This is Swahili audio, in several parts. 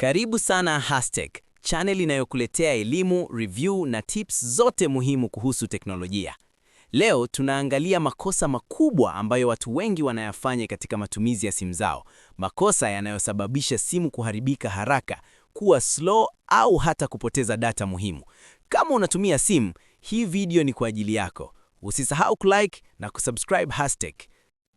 Karibu sana Hastech, channel inayokuletea elimu, review na tips zote muhimu kuhusu teknolojia. Leo tunaangalia makosa makubwa ambayo watu wengi wanayafanya katika matumizi ya simu zao, makosa yanayosababisha simu kuharibika haraka, kuwa slow au hata kupoteza data muhimu. Kama unatumia simu, hii video ni kwa ajili yako. Usisahau kulike na kusubscribe Hastech.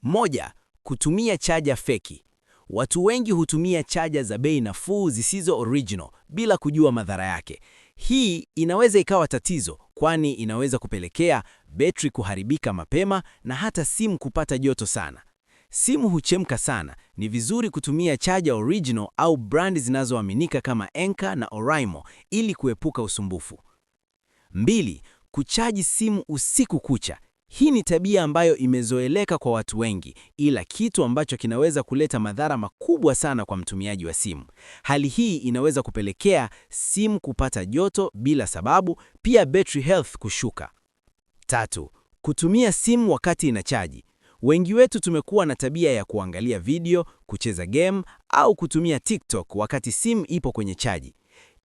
Moja, kutumia chaja feki. Watu wengi hutumia chaja za bei nafuu zisizo original bila kujua madhara yake. Hii inaweza ikawa tatizo, kwani inaweza kupelekea betri kuharibika mapema na hata simu kupata joto sana. Simu huchemka sana. Ni vizuri kutumia chaja original au brandi zinazoaminika kama Enka na Oraimo ili kuepuka usumbufu. Mbili, kuchaji simu usiku kucha. Hii ni tabia ambayo imezoeleka kwa watu wengi, ila kitu ambacho kinaweza kuleta madhara makubwa sana kwa mtumiaji wa simu. Hali hii inaweza kupelekea simu kupata joto bila sababu, pia battery health kushuka. Tatu, kutumia simu wakati inachaji. Wengi wetu tumekuwa na tabia ya kuangalia video, kucheza game au kutumia TikTok wakati simu ipo kwenye chaji.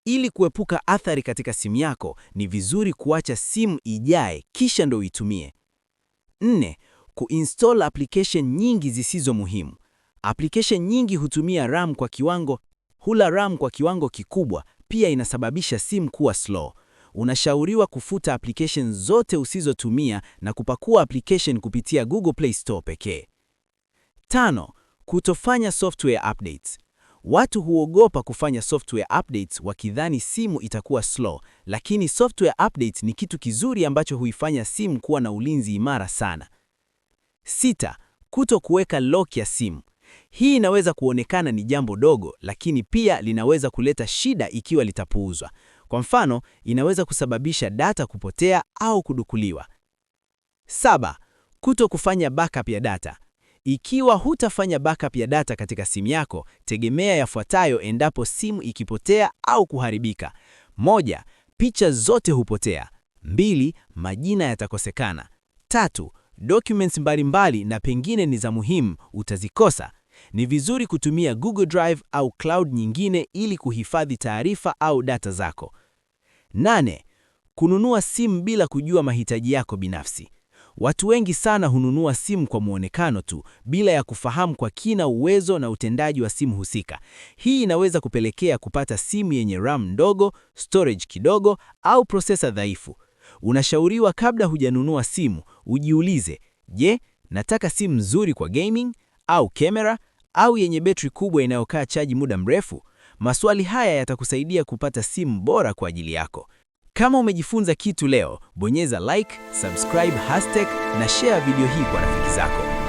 Ili kuepuka athari katika simu yako, ni vizuri kuacha simu ijae kisha ndo uitumie. Nne, Kuinstall application nyingi zisizo muhimu. Application nyingi hutumia RAM kwa kiwango hula RAM kwa kiwango kikubwa, pia inasababisha simu kuwa slow. Unashauriwa kufuta application zote usizotumia na kupakua application kupitia Google Play Store pekee. Tano, kutofanya software updates. Watu huogopa kufanya software updates wakidhani simu itakuwa slow, lakini software updates ni kitu kizuri ambacho huifanya simu kuwa na ulinzi imara sana. Sita, kuto kuweka lock ya simu. Hii inaweza kuonekana ni jambo dogo, lakini pia linaweza kuleta shida ikiwa litapuuzwa. Kwa mfano, inaweza kusababisha data kupotea au kudukuliwa. Saba, kuto kufanya backup ya data. Ikiwa hutafanya backup ya data katika simu yako, tegemea yafuatayo endapo simu ikipotea au kuharibika. Moja, picha zote hupotea. Mbili, majina yatakosekana. Tatu, documents mbalimbali na pengine ni za muhimu utazikosa. Ni vizuri kutumia Google Drive au cloud nyingine ili kuhifadhi taarifa au data zako. Nane, kununua simu bila kujua mahitaji yako binafsi. Watu wengi sana hununua simu kwa muonekano tu bila ya kufahamu kwa kina uwezo na utendaji wa simu husika. Hii inaweza kupelekea kupata simu yenye RAM ndogo, storage kidogo au prosesa dhaifu. Unashauriwa kabla hujanunua simu, ujiulize, je, nataka simu nzuri kwa gaming au kamera au yenye betri kubwa inayokaa chaji muda mrefu? Maswali haya yatakusaidia kupata simu bora kwa ajili yako. Kama umejifunza kitu leo, bonyeza like, subscribe, hashtag na share video hii kwa rafiki zako.